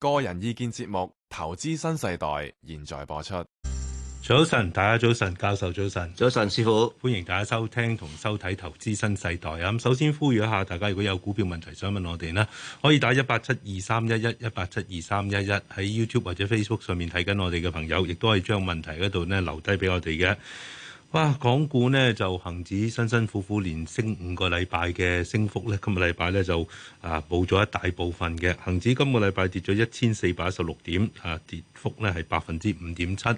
個人意見節目《投資新世代》現在播出。早晨，大家早晨，教授早晨，早晨，師傅，歡迎大家收聽同收睇《投資新世代》啊！咁首先呼籲一下，大家如果有股票問題想問我哋呢，可以打一八七二三一一一八七二三一一。喺 YouTube 或者 Facebook 上面睇緊我哋嘅朋友，亦都可以將問題嗰度呢留低俾我哋嘅。哇！港股呢，就恆指辛辛苦苦連升五個禮拜嘅升幅呢，今個禮拜呢，就啊報咗一大部分嘅恆指，啊啊啊，今個禮拜跌咗一千四百一十六點，啊跌幅呢係百分之五點七，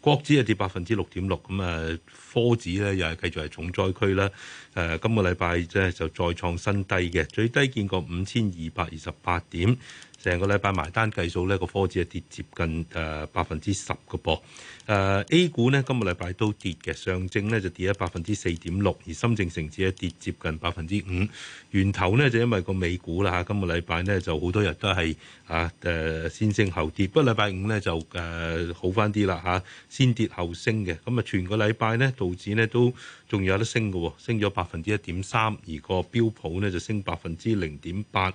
國指啊跌百分之六點六，咁啊科指呢，又係繼續係重災區啦。誒，今個禮拜即係就再創新低嘅，最低見過五千二百二十八點。成個禮拜埋單計數咧，個科指係跌接近誒百分之十個噃。誒 A 股呢，今個禮拜都跌嘅，上證咧就跌咗百分之四點六，而深證成指咧跌接近百分之五。源頭呢就因為個美股啦嚇，今個禮拜呢就好多日都係啊誒先升後跌，不過禮拜五呢就誒好翻啲啦嚇，先跌後升嘅。咁啊，全個禮拜呢道指呢都仲有得升㗎，升咗百分之一點三，而個標普呢就升百分之零點八。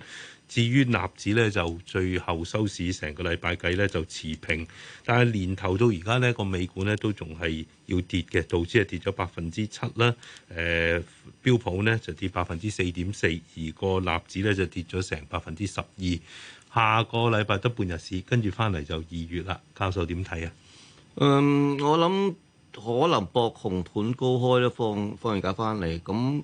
至於納指咧，就最後收市成個禮拜計咧就持平，但係年頭到而家呢，個美股咧都仲係要跌嘅，道指係跌咗百分之七啦，誒、呃、標普呢就跌百分之四點四，而個納指咧就跌咗成百分之十二。下個禮拜得半日市，跟住翻嚟就二月啦。教授點睇啊？嗯，我諗可能博紅盤高開咧，放放完假翻嚟咁。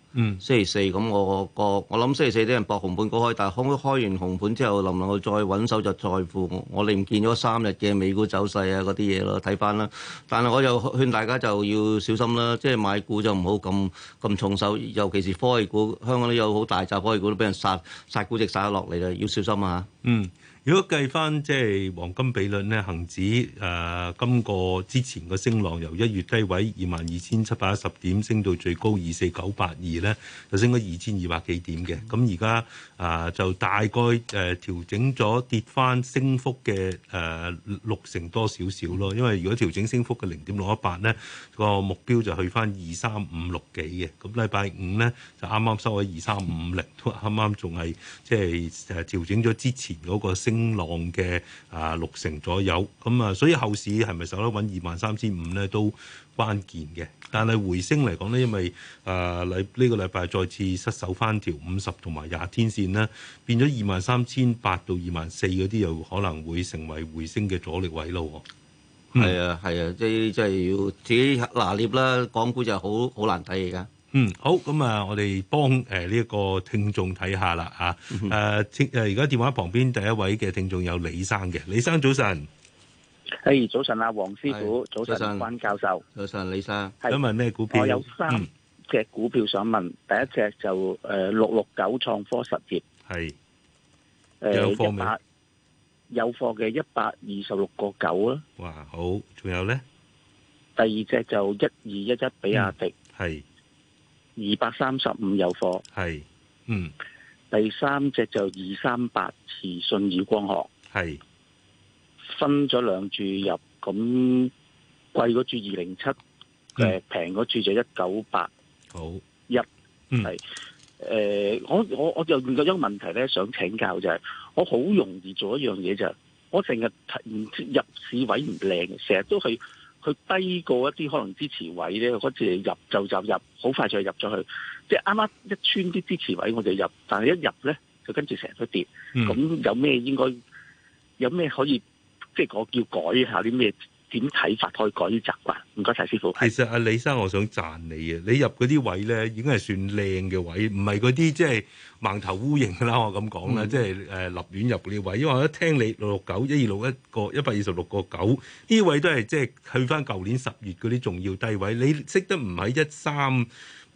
嗯，星期四咁我個我諗星期四啲人博紅盤高開，但係開開完紅盤之後，能唔能夠再揾手就在乎我我哋唔見咗三日嘅美股走勢啊，嗰啲嘢咯，睇翻啦。但係我又勸大家就要小心啦，即係買股就唔好咁咁重手，尤其是科技股，香港都有好大拃科技股都俾人殺殺估值殺咗落嚟啦，要小心啊嚇。嗯。如果計翻即係黃金比率咧，恒指誒、啊、今個之前個升浪由一月低位二萬二千七百一十點升到最高二四九八二咧，就升咗二千二百幾點嘅。咁而家啊就大概誒、啊、調整咗跌翻升幅嘅誒、啊、六成多少少咯。因為如果調整升幅嘅零點六一八咧，個目標就去翻二三五六幾嘅。咁禮拜五咧就啱啱收喺二三五零，啱啱仲係即係誒調整咗之前嗰個升升浪嘅啊六成左右咁啊，所以後市係咪守得穩二萬三千五咧都關鍵嘅。但係回升嚟講咧，因為啊禮呢個禮拜再次失守翻條五十同埋廿天線啦，變咗二萬三千八到二萬四嗰啲又可能會成為回升嘅阻力位咯。係、嗯、啊係啊，即即係要自己拿捏啦。港股就好好難睇而嗯，好，咁啊，我哋幫誒呢一個聽眾睇下啦，啊，誒聽誒而家電話旁邊第一位嘅聽眾有李生嘅，李生早晨，誒早晨啊，黃師傅早晨，關教授早晨，李生係，想問咩股票？我有三隻股票想問，嗯，第一隻就誒六六九創科實業，係，誒一百有貨嘅一百二十六個九啊，哇，好，仲有咧，第二隻就一二一一比亞迪，係。二百三十五有貨，係，嗯，第三隻就二三八二舜宇光學，係是，分咗兩注入，咁貴嗰注二零七，誒平嗰注就一九八，好一係，誒是、嗯呃、我我我就遇到一個問題咧，想請教就係、是，我好容易做一樣嘢就係、是，我成日入市位唔靚，成日都去。佢低過一啲可能支持位咧，嗰次入就就入，好快就入咗去。即係啱啱一穿啲支持位我就入，但係一入咧就跟住成日都跌。咁、嗯、有咩應該有咩可以即係我叫改下啲咩？點睇法可以改啲習慣？唔該晒師傅。其實阿李生，我想讚你啊！你入嗰啲位咧，已經係算靚嘅位，唔係嗰啲即係盲頭烏蠅啦。我咁講啦，即係誒立亂入呢位，因為我一聽你六六九一二六一個一百二十六個九，呢位都係即係去翻舊年十月嗰啲重要低位。你識得唔喺一三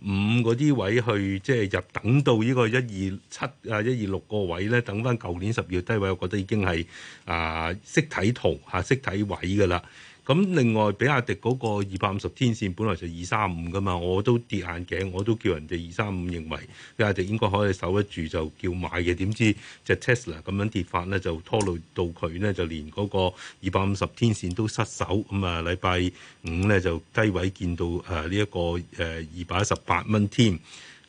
五嗰啲位去即係入，等到呢個一二七啊，一二六個位咧，等翻舊年十月低位，我覺得已經係啊，識睇圖吓，識睇位噶啦。咁另外，比亞迪嗰個二百五十天線，本來就二三五㗎嘛，我都跌眼鏡，我都叫人哋二三五認為比亞迪應該可以守得住，就叫買嘅。點知隻 Tesla 咁樣跌法咧，就拖累到佢咧，就連嗰個二百五十天線都失守。咁、嗯、啊，禮拜五咧就低位見到誒呢一個誒二百一十八蚊添。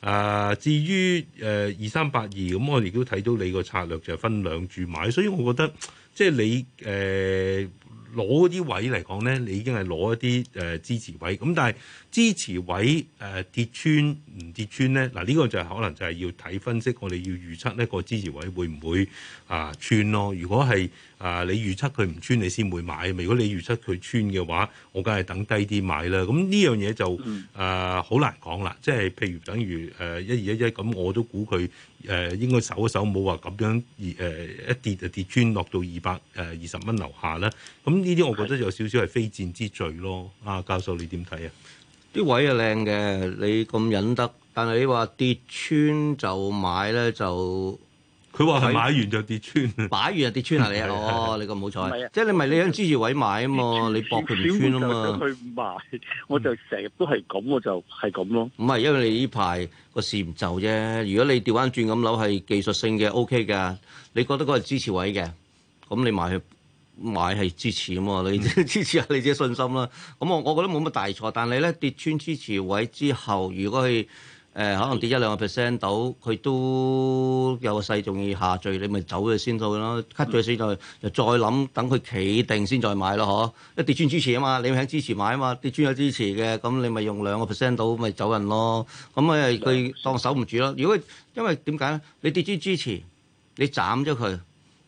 啊、呃，至於誒二三八二，咁、呃嗯、我哋都睇到你個策略就係分兩注買，所以我覺得即係你誒。呃攞啲位嚟講咧，你已經係攞一啲誒、呃、支持位咁，但係。支持位誒跌穿唔跌穿咧，嗱、這、呢個就係可能就係要睇分析，我哋要預測呢個支持位會唔會啊穿咯。如果係啊你預測佢唔穿，你先會買；如果你預測佢穿嘅話，我梗係等低啲買啦。咁呢樣嘢就啊好、嗯呃、難講啦。即係譬如等於誒一二一一咁，呃、1, 2, 1, 1, 我都估佢誒應該守一守冇話咁樣誒、呃、一跌就跌穿落到二百誒二十蚊樓下啦。咁呢啲我覺得有少少係非戰之罪咯。阿、啊、教授你點睇啊？啲位又靚嘅，你咁忍得，但係你話跌穿就買咧就，佢話係買完就跌穿，擺完就跌穿 啊！你哦，啊、你咁好彩，即係你咪你喺支持位買啊嘛，穿你搏佢唔穿啊嘛，穿穿買。我就成日都係咁，我就係咁咯。唔係、嗯、因為你呢排個市唔就啫，如果你掉翻轉咁諗，係技術性嘅 O K 㗎，你覺得嗰個支持位嘅，咁你買去。買係支持嘛？你、嗯、支持下你自己信心啦。咁我我覺得冇乜大錯，但你咧跌穿支持位之後，如果係誒、呃、可能跌一兩個 percent 到，佢都有個勢仲要下墜，你咪走咗先到咯。cut 咗先再就再諗，等佢企定先再買咯。嗬，一跌穿支持啊嘛，你咪喺支持買啊嘛，跌穿有支持嘅，咁你咪用兩個 percent 到咪走人咯。咁咪佢當守唔住咯。如果因為點解咧？你跌穿支持，你斬咗佢，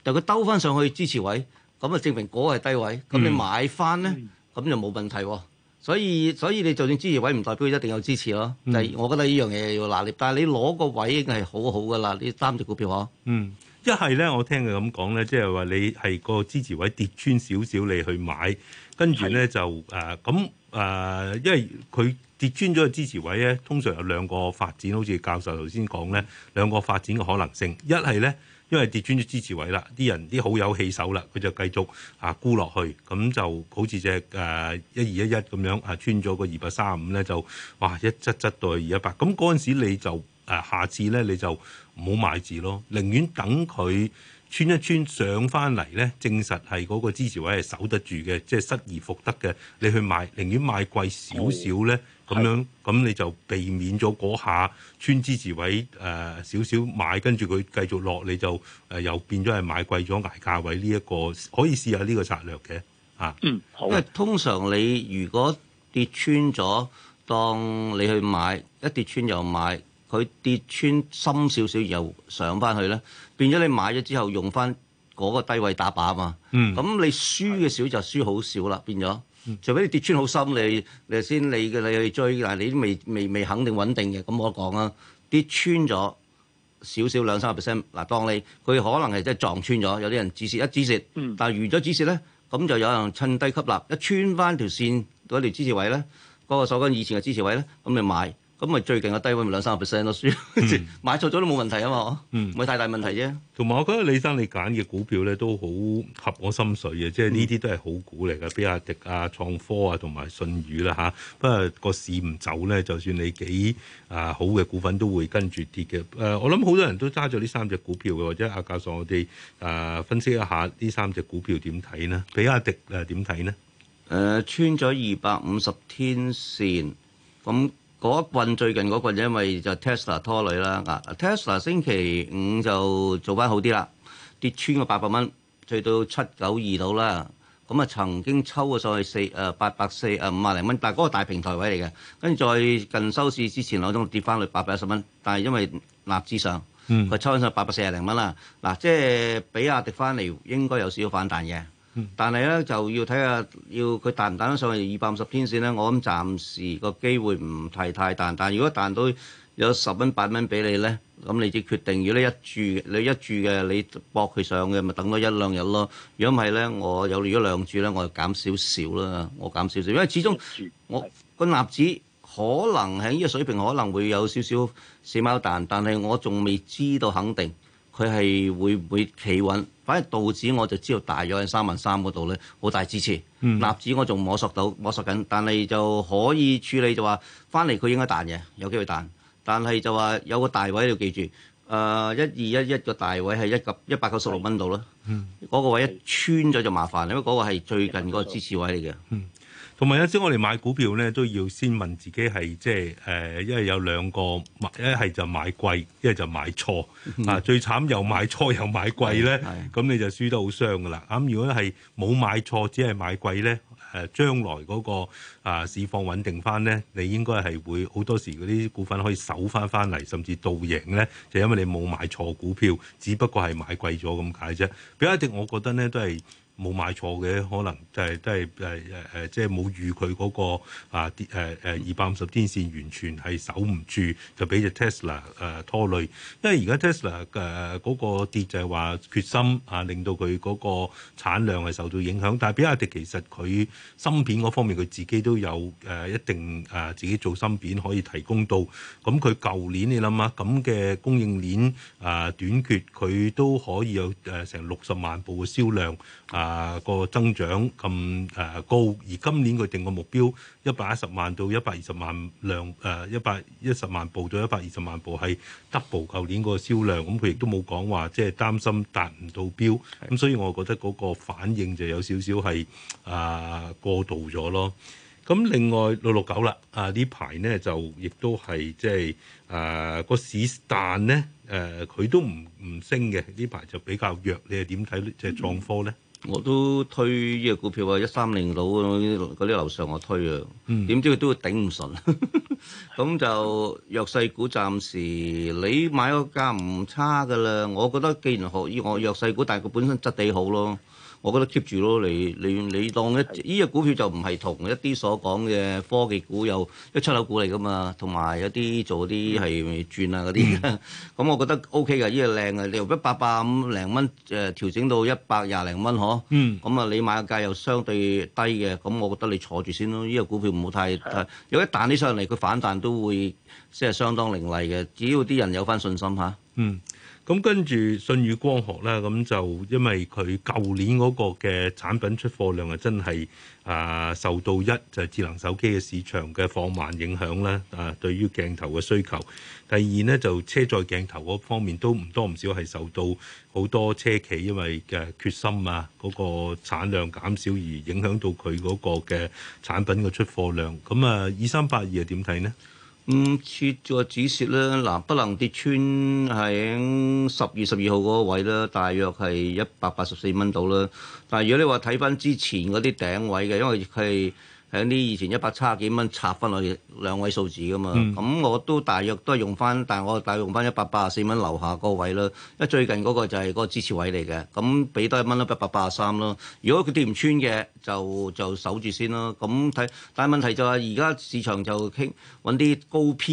但佢兜翻上去支持位。咁啊，就證明嗰個係低位，咁你買翻咧，咁、嗯、就冇問題喎。所以所以你就算支持位唔代表一定有支持咯。但係、嗯，我覺得呢樣嘢要拿捏，但係你攞個位已經係好好噶啦，你擔住股票呵。啊、嗯，一係咧，我聽佢咁講咧，即係話你係個支持位跌穿少少，你去買，跟住咧是就誒咁誒，因為佢跌穿咗個支持位咧，通常有兩個發展，好似教授頭先講咧，兩個發展嘅可能性，一係咧。因為跌穿咗支持位啦，啲人啲好友起手啦，佢就繼續啊沽落去，咁就好似隻誒一二一一咁樣啊穿咗個二百三十五咧，就哇一執執到去二一八。咁嗰陣時你就誒下次咧，你就唔好買字咯，寧願等佢穿一穿上翻嚟咧，證實係嗰個支持位係守得住嘅，即係失而復得嘅，你去買，寧願買貴少少咧。哦咁樣，咁你就避免咗嗰下穿支持位誒少少買，跟住佢繼續落，你就誒、呃、又變咗係買貴咗捱價位呢、這、一個，可以試下呢個策略嘅啊。嗯，好。因為通常你如果跌穿咗，當你去買一跌穿又買，佢跌穿深少少，又上翻去咧，變咗你買咗之後用翻嗰個低位打靶嘛。嗯。咁你輸嘅少就輸好少啦，變咗。除非你跌穿好深，你你先你嘅你去追，嗱你都未未未，未肯定穩定嘅，咁我講啊，跌穿咗少少兩三 percent，嗱當你佢可能係即係撞穿咗，有啲人止蝕一止蝕，但係預咗止蝕咧，咁就有人趁低吸納，一穿翻條線嗰條支持位咧，嗰、那個收緊以前嘅支持位咧，咁你買。咁咪最近嘅低位咪兩三十 percent 咯，輸 買錯咗都冇問題啊嘛，唔係 太大問題啫。同埋，我覺得李生你揀嘅股票咧都好合我心水嘅，即係呢啲都係好股嚟嘅，比亞迪啊、創科啊同埋信宇啦嚇。不過個市唔走咧，就算你幾啊、呃、好嘅股份都會跟住跌嘅。誒、呃，我諗好多人都揸咗呢三隻股票嘅，或者阿教授我哋誒、呃、分析一下呢三隻股票點睇呢？比亞迪誒點睇呢？誒、呃、穿咗二百五十天線咁。嗰棍最近嗰棍，因為就 Tesla 拖累啦。啊，Tesla 星期五就做翻好啲啦，跌穿個八百蚊，去到七九二度啦。咁啊，曾經抽啊上去四誒八百四誒五萬零蚊，但係嗰個大平台位嚟嘅。跟住在近收市之前嗰種跌翻嚟八百一十蚊，但係因為納指上，佢、嗯、抽翻上八百四廿零蚊啦。嗱、啊，即係比亞迪翻嚟應該有少少反彈嘅。嗯、但係咧就要睇下，要佢彈唔彈得上去二百五十天線咧？我諗暫時個機會唔係太彈。但係如果彈到有十蚊八蚊俾你咧，咁你只決定要咧一注，你一注嘅你搏佢上嘅，咪等多一兩日咯。如果唔係咧，我有咗兩注咧，我就減少少啦，我減少少，因為始終我個納指可能喺呢個水平可能會有少少死貓彈，但係我仲未知道肯定。佢係會唔會企穩，反而道指我就知道大約喺三萬三嗰度咧，好大支持。嗯、納指我仲摸索到摸索緊，但係就可以處理就話翻嚟佢應該彈嘅，有機會彈。但係就話有個大位你要記住，誒一二一一個大位係一個一百九十六蚊度咯。嗰是個位一穿咗就麻煩，因為嗰個係最近嗰個支持位嚟嘅。嗯同埋有時我哋買股票咧，都要先問自己係即係誒，因、呃、為有兩個一係就買貴，一係就買錯。啊，最慘又買錯又買貴咧，咁你就輸得好傷噶啦。咁、啊、如果係冇買錯，只係買貴咧，誒、啊、將來嗰、那個啊市況穩定翻咧，你應該係會好多時嗰啲股份可以守翻翻嚟，甚至倒贏咧，就是、因為你冇買錯股票，只不過係買貴咗咁解啫。比亞迪，我覺得咧都係。冇買錯嘅，可能就係都係誒誒誒，即係冇預佢嗰、嗰個啊跌誒誒二百五十天線完全係守唔住，就俾隻 Tesla 誒、啊、拖累。因為而家 Tesla 誒、啊、嗰、嗰個跌就係話決心啊，令到佢嗰個產量係受到影響。但係比亞迪其實佢芯片嗰方面佢自己都有誒、啊、一定誒自己做芯片可以提供到。咁佢舊年你諗下咁嘅供應鏈啊短缺，佢都可以有誒、啊、成六十萬部嘅銷量啊！啊！個增長咁誒、啊、高，而今年佢定個目標一百一十萬到一百二十萬量誒一百一十萬步，到120，步，到一百二十萬步係 double。舊年個銷量咁，佢亦都冇講話，即係、就是、擔心達唔到標咁的、啊，所以我覺得嗰個反應就有少少係誒、啊、過度咗咯。咁、啊、另外六六九啦，啊呢排呢，就亦都係即係誒個市彈呢，誒、啊，佢都唔唔升嘅呢排就比較弱。你點睇即係創科呢？嗯我都推呢個股票啊，一三零左右嗰啲嗰樓上我推啊，點知佢都會頂唔順，咁 就弱勢股暫時你買個價唔差㗎喇，我覺得既然學依我弱勢股，但係佢本身質地好咯。我覺得 keep 住咯，嚟嚟你，你當一呢個是的 股票就唔係同一啲所講嘅科技股又一出口股嚟噶嘛，同埋有啲做啲係轉啊嗰啲。咁我覺得 O K 嘅，呢個靚嘅，你由一百百五零蚊誒調整到一百廿零蚊呵。咁啊，嗯、你買價又相對低嘅，咁我覺得你坐住先咯。呢個股票唔好太太，如果一彈啲上嚟，佢反彈都會即係相當凌厲嘅。只要啲人有翻信心嚇。咁跟住信宇光學啦，咁就因為佢舊年嗰個嘅產品出貨量啊，真係啊受到一就係智能手機嘅市場嘅放慢影響啦，啊對於鏡頭嘅需求。第二呢就車載鏡頭嗰方面都唔多唔少係受到好多車企因為嘅缺芯啊嗰個產量減少而影響到佢嗰個嘅產品嘅出貨量。咁啊，二三八二係點睇呢？咁切咗止蝕咧，不能跌穿喺十月十二號嗰個位啦，大約係一百八十四蚊度啦。但係如果你話睇返之前嗰啲頂位嘅，因為佢係。喺啲以前一百七啊幾蚊拆翻落兩位數字噶嘛，咁、嗯、我都大約都係用翻，但係我大約用翻一百八十四蚊樓下個位咯，因為最近嗰個就係嗰個支持位嚟嘅，咁俾多一蚊咯，一百八十三咯。如果佢跌唔穿嘅，就就守住先咯。咁睇，但係問題就係而家市場就傾揾啲高 PE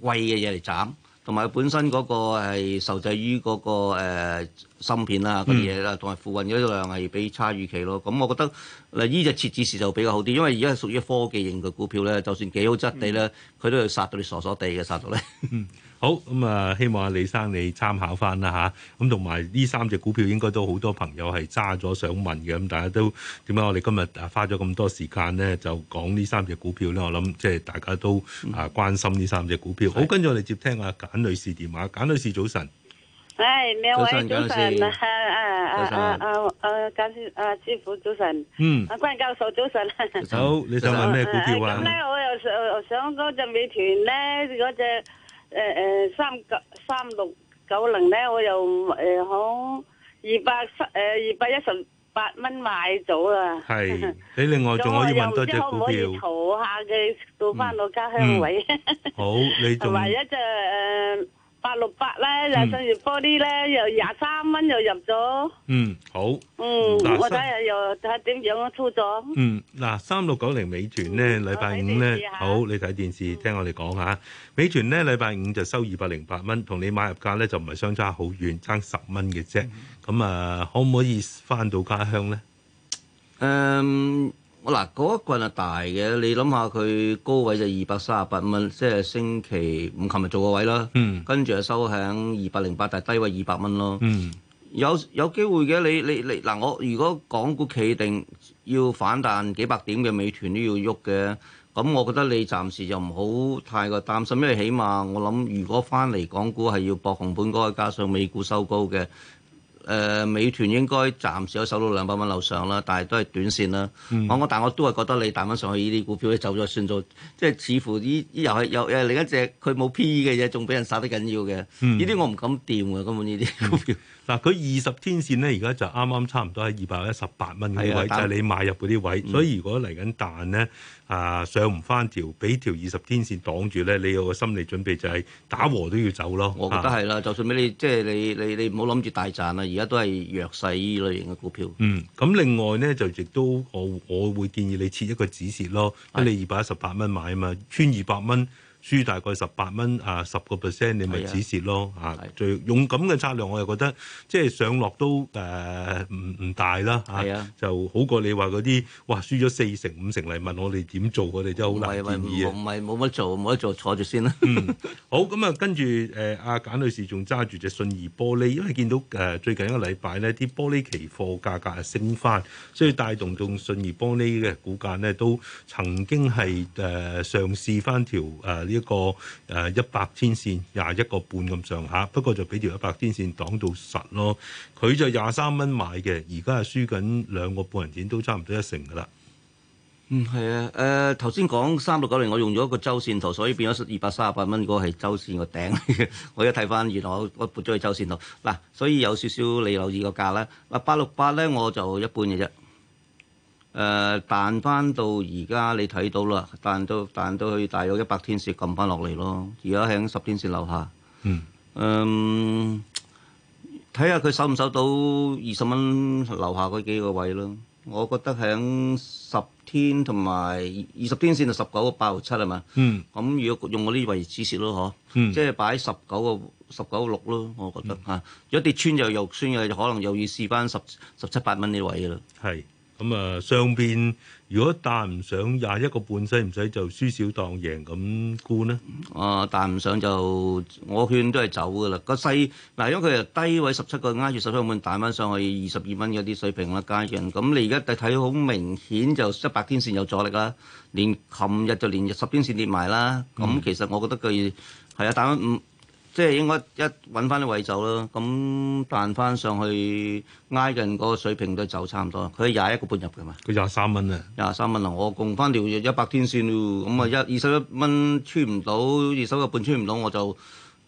貴嘅嘢嚟斬。同埋本身嗰、那個係受制於嗰、那個、呃、芯片啊啲嘢啦，同埋付運嗰啲量係比差預期咯。咁我覺得嗱，依隻設置時就比較好啲，因為而家係屬於科技型嘅股票咧，就算幾好質地咧，佢都要殺到你傻傻地嘅殺到你。好咁啊！希望阿李生你參考翻啦吓，咁同埋呢三隻股票應該都好多朋友係揸咗想問嘅，咁大家都點解我哋今日花咗咁多時間咧，就講呢三隻股票咧，我諗即係大家都啊關心呢三隻股票。好，跟住我哋接聽阿簡女士電話。簡女士早晨。誒，兩位早晨，簡女士啊啊啊啊啊簡啊師傅早晨。嗯。阿關教授早晨。好，你想問咩股票啊？咁咧，我又想我想嗰隻美團咧，嗰隻、那個。誒誒、呃，三九三六九零咧，我又誒好、呃、二百誒二百一十八蚊買咗啦。係，你另外仲可，可以買到，即係可唔可以逃下嘅到翻到家鄉位、嗯嗯？好，你仲。同埋 一隻誒。呃八六八咧，就信義玻璃咧，又廿三蚊又入咗。嗯，好。嗯，我睇下又睇下點樣操作。嗯，嗱，三六九零美團咧，禮拜五咧，好，你睇電視聽我哋講下。嗯、美團咧，禮拜五就收二百零八蚊，同你買入價咧就唔係相差好遠，爭十蚊嘅啫。咁啊、嗯，可唔可以翻到家鄉咧？嗯。Um, 我嗱嗰一棍係大嘅，你諗下佢高位就二百三十八蚊，即係星期五、琴日做個位啦。嗯。跟住就收喺二百零八，但係低位二百蚊咯。嗯。有有機會嘅，你你你嗱，我如果港股企定要反彈幾百點嘅，美團都要喐嘅。咁我覺得你暫時就唔好太過擔心，因為起碼我諗如果翻嚟港股係要博紅盤嗰個，加上美股收高嘅。誒、呃，美團應該暫時都守到兩百蚊樓上啦，但係都係短線啦。我、嗯、但我都係覺得你彈翻上去呢啲股票你了了，你走咗算咗，即係似乎呢依又係又又另一隻佢冇 PE 嘅嘢，仲俾人殺得緊要嘅。呢啲、嗯、我唔敢掂㗎，根本呢啲股票。嗱、嗯，佢二十天線咧，而家就啱啱差唔多係二百一十八蚊嘅位，啊、就係你買入嗰啲位。嗯、所以如果嚟緊彈呢，啊、呃、上唔翻條，俾條二十天線擋住咧，你有個心理準備就係打和都要走咯。我覺得係啦、啊， 就算俾你，即、就、係、是、你你你唔好諗住大賺啦。而家都係弱勢依類型嘅股票。嗯，咁另外咧就亦都我我會建議你設一個止蝕咯，因是的 你二百一十八蚊買啊嘛，穿二百蚊。輸大概十八蚊啊，十個 percent 你咪止蝕咯啊，啊！最勇敢嘅策略，我又覺得即係上落都誒唔唔大啦。係啊，啊就好過你話嗰啲哇，輸咗四成五成嚟問我哋點做，我哋真係好難建議啊！唔係冇乜做，冇乜做，坐住先啦。好咁啊，跟住誒阿簡女士仲揸住隻信義玻璃，因為見到誒、呃、最近一個禮拜呢啲玻璃期貨價格係升翻，所以帶動到信義玻璃嘅股價呢，都曾經係誒嘗試翻條誒。呃呃呃呢一個誒一百天線廿一個半咁上下，不過就俾條一百天線擋到實咯。佢就廿三蚊買嘅，而家係輸緊兩個半銀錢，都差唔多一成噶啦。嗯，係啊。誒頭先講三六九零，我用咗一個周線圖，所以變咗二百三十八蚊，嗰個係周線個頂。 我一睇翻，原來我我撥咗去周線圖嗱，所以有少少你留意個價啦。嗱八六八咧，我就一半嘅啫。誒、呃、彈翻到而家你睇到啦，彈到彈到去大約一百天、天線撳翻落嚟咯。而家喺十天線樓下，嗯，嗯、呃，睇下佢收唔收到二十蚊樓下嗰幾個位咯。我覺得喺十天同埋二十天線就十九個八號七係嘛，嗯，咁如果用我呢位止蝕咯，嗬、嗯，即係擺十九個十九六咯，我覺得嚇、嗯啊。如果跌穿就又肉酸嘅，可能又要試翻十十七八蚊呢位嘅啦，係。咁啊、嗯，上邊如果彈唔上廿一個半，使唔使就輸少當贏咁沽呢啊？啊，彈唔上就我勸都係走噶啦。個勢嗱，因為佢係低位十七個挨住十七個半，彈翻上去二十二蚊嗰啲水平啦，階段。咁你而家睇睇好明顯就一百天線有阻力啦，連琴日就連日十天線跌埋啦。咁、嗯、其實我覺得佢係啊，彈翻五。即係應該一揾翻啲位走啦，咁彈翻上去挨近人嗰個水平都走差唔多。佢係廿一個半入嘅嘛？佢廿三蚊啊，廿三蚊啊！我供翻條一百天線喎，咁啊一二十一蚊穿唔到，二十個半穿唔到，到，我就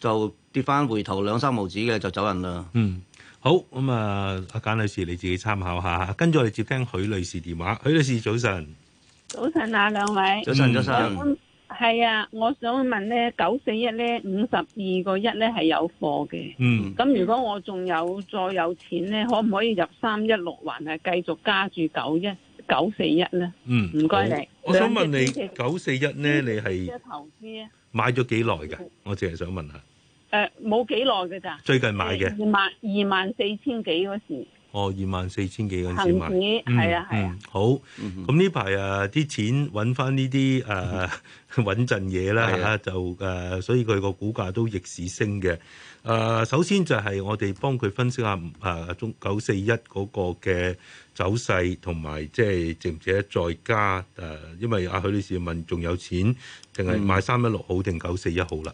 就跌翻回頭兩三毫子嘅就走人啦、嗯。嗯，好咁啊，阿簡女士你自己參考下。跟住我哋接聽許女士電話。許女士早晨，早晨啊兩位，早晨早晨。係啊，我想問咧，九四一咧，五十二個一咧係有貨嘅。嗯。咁如果我仲有再有錢咧，可唔可以入三一六，還係繼續加住九一九四一咧？呢嗯。唔該你。我想問你九四一咧，你係？一投資啊。買咗幾耐噶？我淨係想問下。誒、呃，冇幾耐噶咋？最近買嘅。二二萬二萬四千幾嗰時。哦，二萬四千幾蚊錢買，係啊係啊，好。咁呢排啊，啲錢揾翻呢啲誒穩陣嘢啦，就誒，所以佢個股價都逆市升嘅。誒、啊，首先就係我哋幫佢分析下誒中九四一嗰個嘅走勢，同埋即係值唔值得再加誒？因為阿、啊、許女士問仲有錢，定係買三一六好定九四一好啦？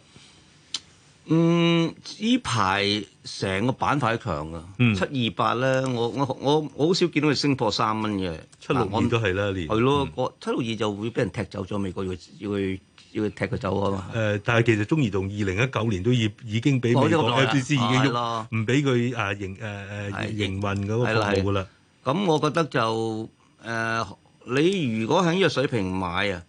嗯，依排成個板塊強啊，嗯、七二八咧，我我我我好少見到佢升破三蚊嘅，七六應該係啦，年係咯，七六二就會俾人踢走咗，美國要要要踢佢走啊嘛。誒、呃，但係其實中移動二零一九年都已已經俾美國嘅公司已經喐咯，唔俾佢誒營誒誒、啊、營運嗰個服務噶啦。咁我覺得就誒，你如果喺呢個水平買啊。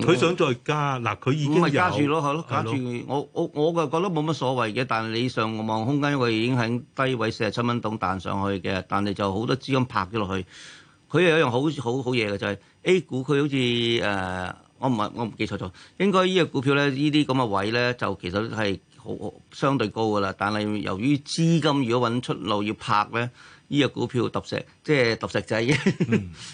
佢、嗯、想再加，嗱佢已經加住咯，係咯的，加住。的我我我就覺得冇乜所謂嘅，但你上我望空間，因為已經喺低位四十七蚊度彈上去嘅，但係就好多資金拍咗落去。佢又有一樣好好好嘢嘅就係、是、A 股，佢好似誒，我唔係我唔記錯咗，應該呢個股票咧，這這呢啲咁嘅位咧，就其實係好、好相對高㗎啦。但係由於資金如果揾出路要拍咧。依個股票揼石，即係揼石仔，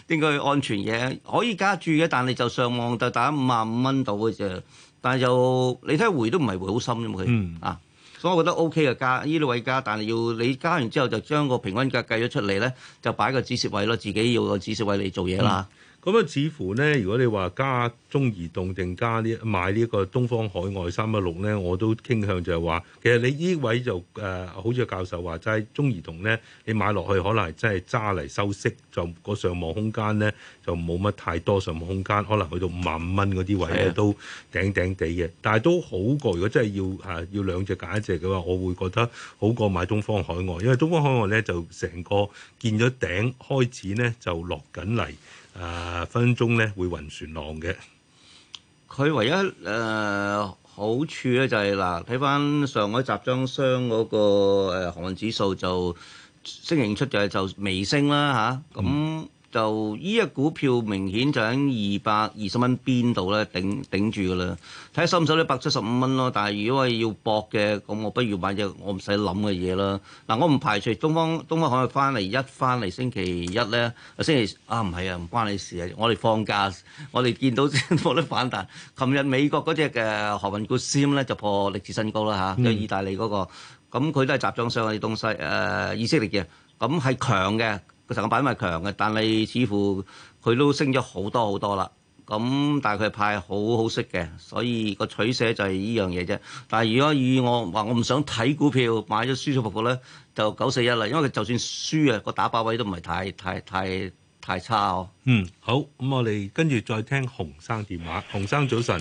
應該、嗯、 安全嘢可以加住嘅？但你就上網就打五萬五蚊度嘅啫。但係就你睇回都唔係回好深啫嘛。嗯、啊，所以我覺得 OK 嘅加依啲位加，但係要你加完之後就將個平均價計咗出嚟咧，就擺個止蝕位咯。自己要有個止蝕位嚟做嘢、嗯、啦。咁啊！似乎咧，如果你話加中移動定加呢買呢個東方海外三一六咧，我都傾向就係話，其實你呢位就誒、呃，好似教授話齋，中移動咧，你買落去可能係真係揸嚟收息，就、個上網空間咧就冇乜太多上網空間，可能去到五十五蚊嗰啲位咧都頂頂地嘅。但係都好過，如果真係要嚇、啊、要兩隻揀一隻嘅話，我會覺得好過買東方海外，因為東方海外咧就成個見咗頂開始咧就落緊嚟。誒、啊、分分鐘咧會暈船浪嘅，佢唯一誒、呃、好處咧就係、是、嗱，睇翻上海集裝箱嗰個誒航運指數就升型出嘅就微升啦吓？咁、啊。嗯嗯就依一、這個、股票明顯就喺二百二十蚊邊度咧頂頂住噶啦，睇下收唔收一百七十五蚊咯。但係如果我要搏嘅，咁我不如買隻我唔使諗嘅嘢啦。嗱、啊，我唔排除東方東方海嘅翻嚟，一翻嚟星期一咧，星期啊唔係啊，唔、啊、關你事啊。我哋放假，我哋見到先，冇得反彈。琴日美國嗰隻嘅航運股 ZIM 咧就破歷史新高啦嚇，對、啊就是、意大利嗰、那個，咁、嗯、佢、嗯、都係集裝箱嗰啲東西誒、呃，以色列嘅，咁係強嘅。成個板都係強嘅，但係似乎佢都升咗好多好多啦。咁但係佢派好好息嘅，所以個取捨就係呢樣嘢啫。但係如果以我話，我唔想睇股票，買咗舒舒服服咧，就九四一啦。因為佢就算輸啊，個打包位都唔係太太太太差哦。嗯，好，咁我哋跟住再聽洪生電話。洪生早晨，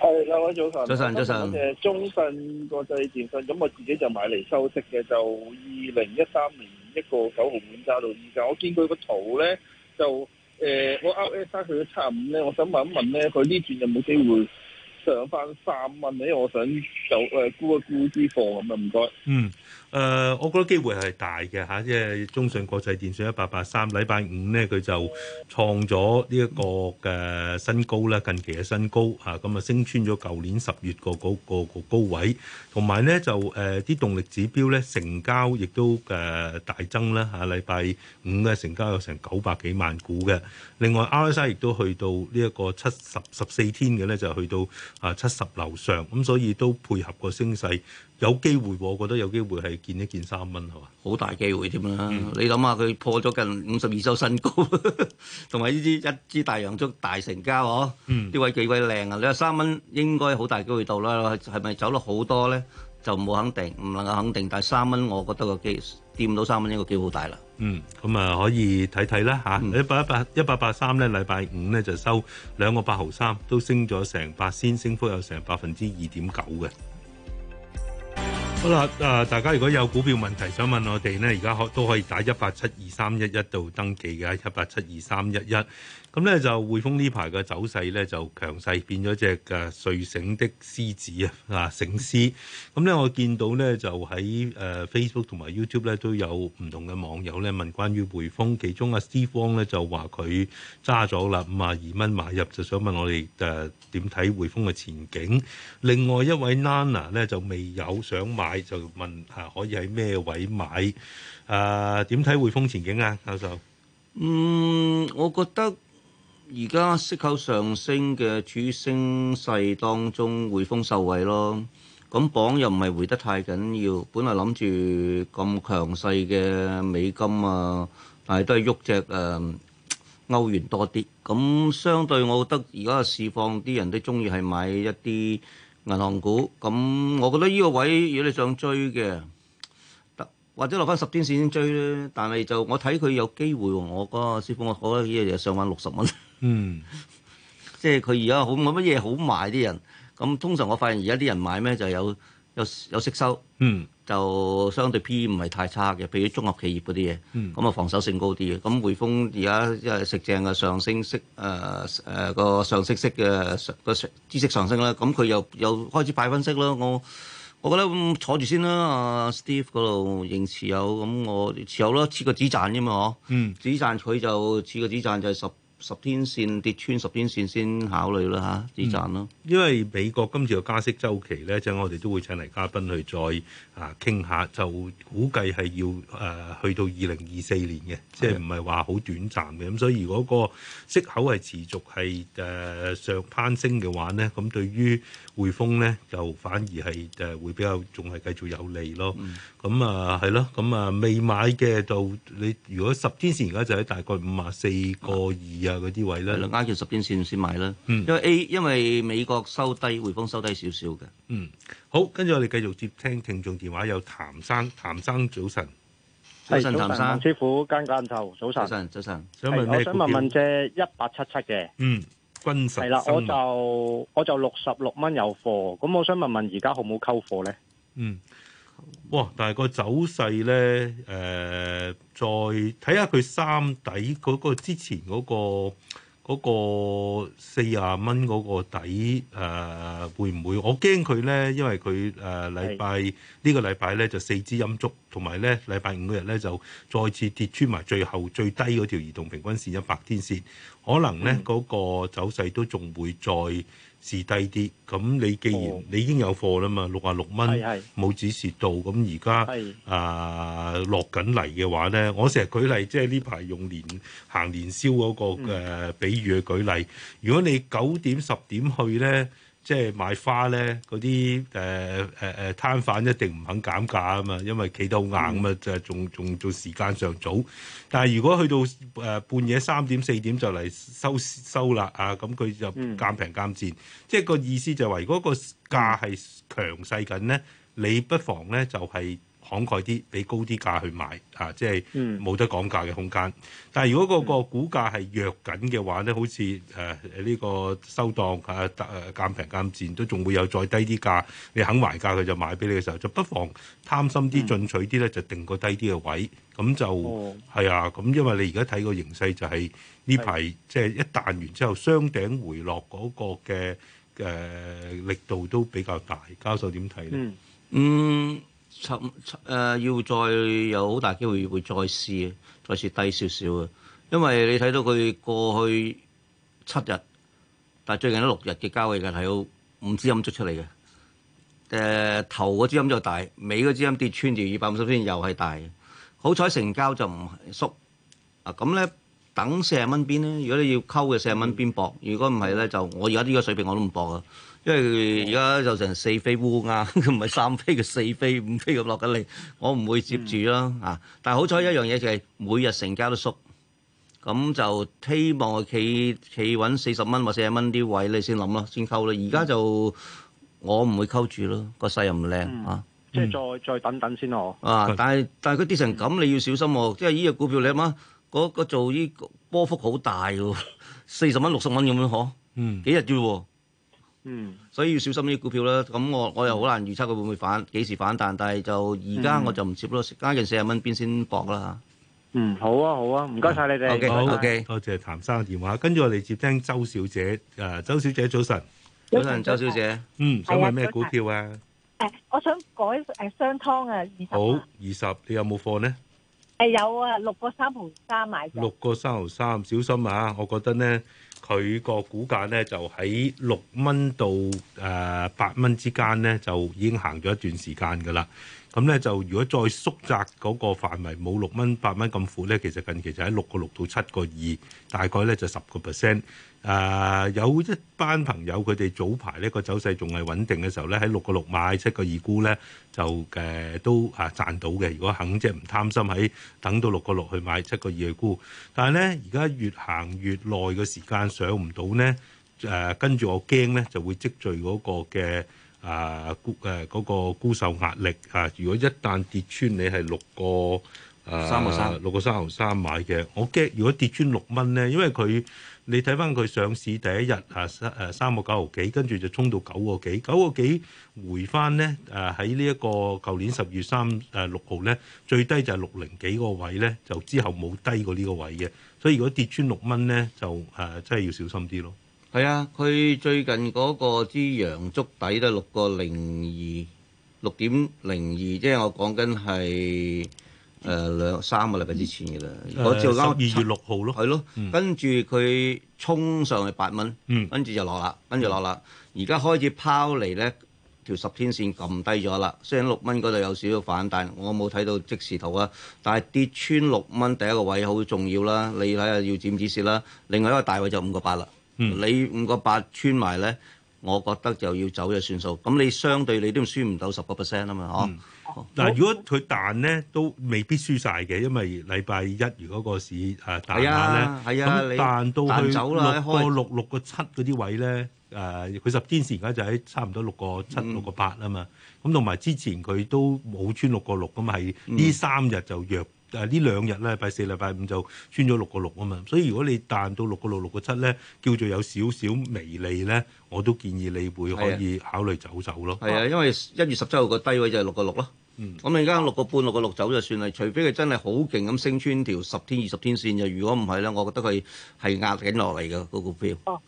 係兩位早晨，早晨上早晨上，誒中信國際電訊。咁我自己就買嚟收息嘅，就二零一三年。一個九毫半揸到二九，我見佢個圖咧就誒、呃，我 R S 翻去咗七十五咧，我想問一問咧，佢呢段有冇機會？上翻三蚊，呢我想就誒沽一沽啲貨咁啊，唔該。嗯，誒，我覺得機會係大嘅嚇，即係中信國際電訊一八八三，禮拜五呢佢就創咗呢一個嘅新高啦，近期嘅新高嚇，咁啊升穿咗舊年十月個嗰個高位，同埋呢就誒啲動力指標咧成交亦都誒大增啦嚇，禮拜五嘅成交有成九百幾萬股嘅，另外 RSI 亦都去到呢一個七十十四天嘅咧就去到。啊七十樓上咁，所以都配合個升勢，有機會，我覺得有機會係見一見三蚊係嘛，好大機會添、啊、啦！嗯、你諗下佢破咗近五十二周新高，同埋呢支一支大陽燭大成交哦，呢位幾鬼靚啊！嗯、你話三蚊應該好大機會到啦，係咪走得好多咧？就冇肯定，唔能夠肯定，但係三蚊我覺得個機掂到三蚊應該機會大啦。嗯，咁啊可以睇睇啦嚇，一八一八一八八三咧，禮拜、嗯、五咧就收兩個八毫三，都升咗成八仙，升幅有成百分之二點九嘅。嗯、好啦，誒、啊、大家如果有股票問題想問我哋咧，而家可都可以打一八七二三一一到登記嘅，一八七二三一一。咁咧就匯豐呢排嘅走勢咧就強勢，變咗隻誒睡醒的獅子啊，啊醒獅！咁咧我見到咧就喺誒 Facebook 同埋 YouTube 咧都有唔同嘅網友咧問關於匯豐，其中阿思方咧就話佢揸咗啦五廿二蚊買入，就想問我哋誒點睇匯豐嘅前景。另外一位 Nana 咧就未有想買，就問啊可以喺咩位買？誒點睇匯豐前景啊，教授？嗯，我覺得。而家息口上升嘅主升勢當中，匯豐受惠咯。咁榜又唔係回得太緊要，本來諗住咁強勢嘅美金啊，但係都係喐隻啊歐元多啲。咁相對我覺得而家市況啲人都中意係買一啲銀行股。咁我覺得呢個位，如果你想追嘅，或者落翻十天線先追咧。但係就我睇佢有機會。我個師傅，我覺得呢樣嘢上翻六十蚊。嗯即，即係佢而家好冇乜嘢好買啲人咁。通常我發現而家啲人買咩就有有有息收，嗯，就相對 P E 唔係太差嘅。譬如綜合企業嗰啲嘢，咁啊、嗯、防守性高啲嘅。咁匯豐而家即係食正嘅上升式，誒誒個上升式嘅個知識上升啦。咁佢又又開始快分析啦。我我覺得、嗯、坐住先啦。阿 Steve 嗰度仍持有咁，我持有咯，似個止賺啫嘛，嗬，嗯，止賺佢就似個止賺就係十。十天線跌穿十天線先考慮啦，吓止賺咯。因為美國今次嘅加息週期咧，就係我哋都會請嚟嘉賓去再。啊，傾下就估計係要誒、呃、去到二零二四年嘅，即係唔係話好短暫嘅。咁所以如果個息口係持續係誒、呃、上攀升嘅話咧，咁對於匯豐咧就反而係誒、呃、會比較仲係繼續有利咯。咁、嗯、啊係咯，咁啊未買嘅就你如果十天線而家就喺大概五啊四個二啊嗰啲位咧，係啦，挨住十天線先買啦。嗯，因為 A 因為美國收低，匯豐收低少少嘅。嗯。好，跟住我哋繼續接聽聽眾電話，有譚生，譚生早晨，早晨譚晨生，師傅間間頭早晨，早晨，早晨是想問，我想問問借一八七七嘅，嗯，君實，係啦，我就我就六十六蚊有貨，咁我想問問而家好冇溝貨咧？嗯，哇，但係個走勢咧，誒、呃，再睇下佢三底嗰，那個之前嗰，那個。嗰個四十蚊嗰個底誒、呃、會唔會？我驚佢呢，因為佢誒、呃、禮拜呢是的 個禮拜呢就四支陰燭，同埋呢禮拜五嗰日呢就再次跌穿埋最後最低嗰條移動平均線，一百天線，可能呢嗰、嗯、個走勢都仲會再。市低啲，咁你既然你已經有貨啦嘛，六啊六蚊冇止蝕到，咁而家啊落緊嚟嘅話咧，我成日舉例，即係呢排用年行年宵嗰個、呃、比喻去舉例，如果你九點十點去咧。即係買花咧，嗰啲誒誒誒攤販一定唔肯減價啊嘛，因為企到硬啊嘛，就係仲仲仲時間上早。但係如果去到誒、呃、半夜三點四點就嚟收收喇啊，咁佢就減平減賤。嗯、即係個意思就係、話，如果個價係強勢緊咧，嗯、你不妨咧就係、是。慷慨啲，俾高啲價去買啊！即係冇得講價嘅空間。但係如果個個股價係弱緊嘅話咧，好似誒呢個收檔啊、減、啊、平減賤都仲會有再低啲價，你肯埋價佢就買俾你嘅時候，就不妨貪心啲、進取啲咧，就定個低啲嘅位。咁就係、哦、啊，咁因為你而家睇個形勢就係呢排即係一彈完之後雙頂回落嗰個嘅誒、呃、力度都比較大。教授點睇咧？嗯。尋誒要再有好大機會會再試，再試低少少啊！因為你睇到佢過去七日，但最近都六日嘅交易嘅睇到五支陰燭出嚟嘅，誒、呃、頭支陰就大，尾支陰跌穿住二百五十天又係大，好彩成交就唔縮啊！咁咧等四十蚊邊咧，如果你要溝嘅四十蚊邊博，如果唔係咧就我而家呢個水平我都唔博啊！因為而家就成四飛烏鴉，佢唔 係三飛，個四飛五飛咁落緊嚟，我唔會接住啦嚇。但係好彩一樣嘢就係每日成交都縮，咁就希望佢企企穩四十蚊或四十蚊啲位，你先諗啦，先溝啦。而家就我唔會溝住咯，個勢又唔靚嚇。即係再再等等先咯。啊！但係但係佢跌成咁，你要小心喎、啊。嗯、即係依隻股票你啊嘛，嗰、嗰個做呢波幅好大喎、啊，四十蚊六十蚊咁樣呵，right? 幾日啫喎？嗯，所以要小心啲股票啦。咁我我又好難預測佢會唔會反，幾時反彈？但係就而家我就唔接咯。加勁四十蚊邊先搏啦嗯，嗯好啊，好啊，唔該晒你哋。嗯、okay, 好，okay、多謝譚生嘅電話。跟住我嚟接聽周小姐。誒、啊，周小姐早晨，早晨，周小姐，嗯，想買咩股票啊？誒、啊，我想改誒商湯啊，好，二十，你有冇貨呢？誒，有啊，六個三毫三買。六個三毫三，小心啊！我覺得呢。佢個股價咧就喺六蚊到誒八蚊之間咧，就已經行咗一段時間㗎喇。咁咧就如果再縮窄嗰個範圍冇六蚊八蚊咁闊咧，其實近期就喺六個六到七個二，大概咧就十個 percent。啊、呃，有一班朋友佢哋早排呢、個走勢仲係穩定嘅時候咧，喺六個六買七個二沽咧就誒、呃、都啊賺到嘅。如果肯即係唔貪心，喺等到六個六去買七個二嘅沽，但係咧而家越行越耐嘅時間上唔到咧誒，跟、呃、住我驚咧就會積聚嗰個嘅。啊，沽誒嗰個沽售壓力啊！如果一旦跌穿你係六個誒三個三、六個三毫三買嘅，我驚如果跌穿六蚊咧，因為佢你睇翻佢上市第一日啊，誒三個九毫幾，跟住就衝到九個幾，九個幾回翻咧誒喺呢一個舊年十月三誒六號咧，最低就係六零幾個位咧，就之後冇低過呢個位嘅，所以如果跌穿六蚊咧，就誒、啊、真係要小心啲咯。係啊，佢最近嗰個支陽足底都六、呃、個零二，六點零二，即係我講緊係誒兩三個禮拜之前嘅啦。呃、我照啱，二月六號咯，係咯，嗯、跟住佢衝上去八蚊，跟住就落啦，跟住落啦。而家開始拋離呢，條十天線撳低咗啦。雖然六蚊嗰度有少少反彈，但我冇睇到即時圖啊。但係跌穿六蚊第一個位好重要啦，你睇下要佔住線啦。另外一個大位就五個八啦。嗯、你五個八穿埋咧，我覺得就要走就算數。咁你相對你都輸唔到十個 percent 啊嘛，嗬、嗯。但、啊、係如果佢彈咧，都未必輸晒嘅，因為禮拜一如果個市誒彈下咧，咁、啊啊、彈到去六個六、六個七嗰啲位咧，誒佢、呃、十天線而家就喺差唔多六個七、六個八啊嘛。咁同埋之前佢都冇穿六個六噶嘛，係呢三日就弱。誒呢兩日咧，禮拜四、禮拜五就穿咗六個六啊嘛，所以如果你彈到六個六、六個七咧，叫做有少少微利咧，我都建議你會可以考慮走走咯。係啊，因為一月十七號嘅低位就係六個六咯。嗯。咁你而家六個半、六個六走就算啦，除非佢真係好勁咁升穿條十天、二十天線就，如果唔係咧，我覺得佢係壓緊落嚟嘅個股票。哦、啊。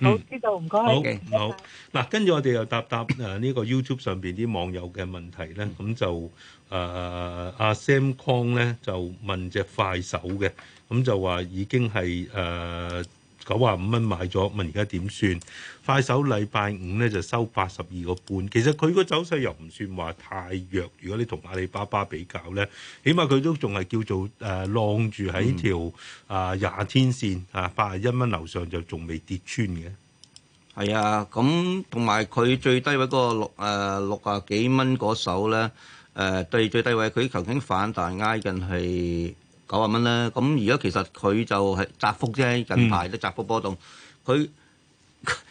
好，知道、唔該、嗯。好，好。嗱，跟住我哋又答答誒呢個 YouTube 上邊啲網友嘅問題咧，咁就誒阿、呃、Sam Kong 咧就問隻快手嘅，咁就話已經係誒。呃九啊五蚊買咗，問而家點算？快手禮拜五咧就收八十二個半，其實佢個走勢又唔算話太弱。如果你同阿里巴巴比較咧，起碼佢都仲係叫做誒浪住喺條啊廿天線啊八十一蚊樓上，就仲未跌穿嘅。係啊，咁同埋佢最低位嗰六誒六啊幾蚊嗰手咧誒，對、呃、最低位佢頭先反彈挨近係。九萬蚊啦，咁而家其實佢就係、是、窄幅啫，近排都窄幅波動，佢